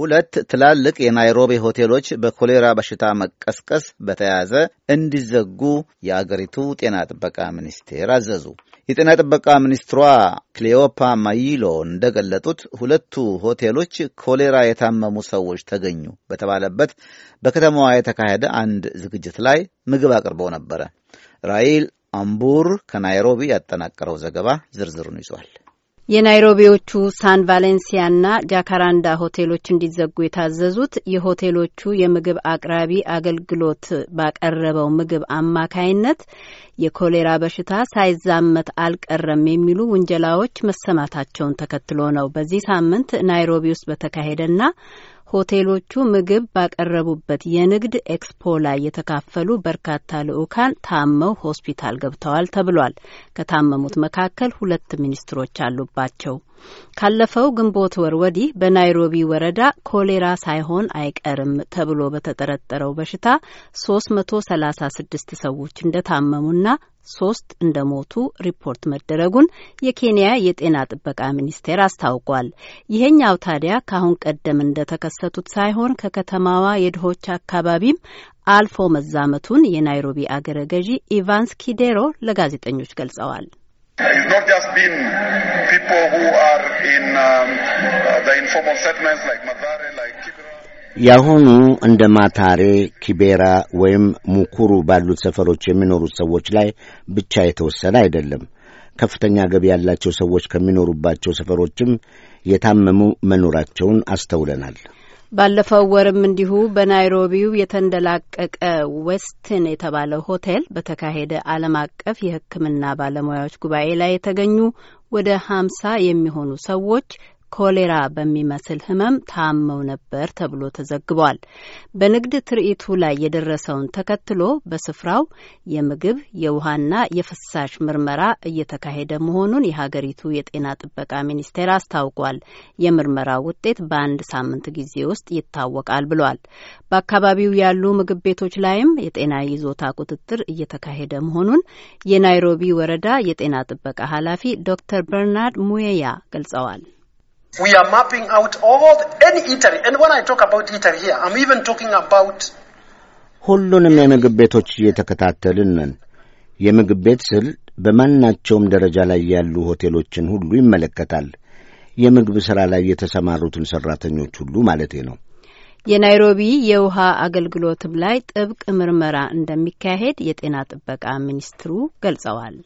ሁለት ትላልቅ የናይሮቢ ሆቴሎች በኮሌራ በሽታ መቀስቀስ በተያያዘ እንዲዘጉ የአገሪቱ ጤና ጥበቃ ሚኒስቴር አዘዙ። የጤና ጥበቃ ሚኒስትሯ ክሌዮፓ ማይሎ እንደገለጡት ሁለቱ ሆቴሎች ኮሌራ የታመሙ ሰዎች ተገኙ በተባለበት በከተማዋ የተካሄደ አንድ ዝግጅት ላይ ምግብ አቅርበው ነበረ። ራይል አምቡር ከናይሮቢ ያጠናቀረው ዘገባ ዝርዝሩን ይዟል። የናይሮቢዎቹ ሳን ቫሌንሲያና ጃካራንዳ ሆቴሎች እንዲዘጉ የታዘዙት የሆቴሎቹ የምግብ አቅራቢ አገልግሎት ባቀረበው ምግብ አማካይነት የኮሌራ በሽታ ሳይዛመት አልቀረም የሚሉ ውንጀላዎች መሰማታቸውን ተከትሎ ነው። በዚህ ሳምንት ናይሮቢ ውስጥ በተካሄደና ሆቴሎቹ ምግብ ባቀረቡበት የንግድ ኤክስፖ ላይ የተካፈሉ በርካታ ልዑካን ታመው ሆስፒታል ገብተዋል ተብሏል። ከታመሙት መካከል ሁለት ሚኒስትሮች አሉባቸው። ካለፈው ግንቦት ወር ወዲህ በናይሮቢ ወረዳ ኮሌራ ሳይሆን አይቀርም ተብሎ በተጠረጠረው በሽታ ሶስት መቶ ሰላሳ ስድስት ሰዎች እንደታመሙና ሶስት እንደሞቱ ሪፖርት መደረጉን የኬንያ የጤና ጥበቃ ሚኒስቴር አስታውቋል። ይሄኛው ታዲያ ከአሁን ቀደም እንደተከሰቱት ሳይሆን ከከተማዋ የድሆች አካባቢም አልፎ መዛመቱን የናይሮቢ አገረ ገዢ ኢቫንስ ኪዴሮ ለጋዜጠኞች ገልጸዋል። ያሁኑ um, uh, እንደ ማታሬ፣ ኪቤራ ወይም ሙኩሩ ባሉት ሰፈሮች የሚኖሩት ሰዎች ላይ ብቻ የተወሰነ አይደለም። ከፍተኛ ገቢ ያላቸው ሰዎች ከሚኖሩባቸው ሰፈሮችም የታመሙ መኖራቸውን አስተውለናል። ባለፈው ወርም እንዲሁ በናይሮቢው የተንደላቀቀ ዌስትን የተባለ ሆቴል በተካሄደ ዓለም አቀፍ የሕክምና ባለሙያዎች ጉባኤ ላይ የተገኙ ወደ ሀምሳ የሚሆኑ ሰዎች ኮሌራ በሚመስል ህመም ታመው ነበር ተብሎ ተዘግቧል። በንግድ ትርኢቱ ላይ የደረሰውን ተከትሎ በስፍራው የምግብ የውሃና የፍሳሽ ምርመራ እየተካሄደ መሆኑን የሀገሪቱ የጤና ጥበቃ ሚኒስቴር አስታውቋል። የምርመራው ውጤት በአንድ ሳምንት ጊዜ ውስጥ ይታወቃል ብሏል። በአካባቢው ያሉ ምግብ ቤቶች ላይም የጤና ይዞታ ቁጥጥር እየተካሄደ መሆኑን የናይሮቢ ወረዳ የጤና ጥበቃ ኃላፊ ዶክተር በርናርድ ሙየያ ገልጸዋል። We are mapping out all any eatery. And when I talk about eatery here, I'm even talking about ሁሉንም የምግብ ቤቶች እየተከታተልን ነን። የምግብ ቤት ስል በማናቸውም ደረጃ ላይ ያሉ ሆቴሎችን ሁሉ ይመለከታል። የምግብ ሥራ ላይ የተሰማሩትን ሠራተኞች ሁሉ ማለቴ ነው። የናይሮቢ የውሃ አገልግሎትም ላይ ጥብቅ ምርመራ እንደሚካሄድ የጤና ጥበቃ ሚኒስትሩ ገልጸዋል።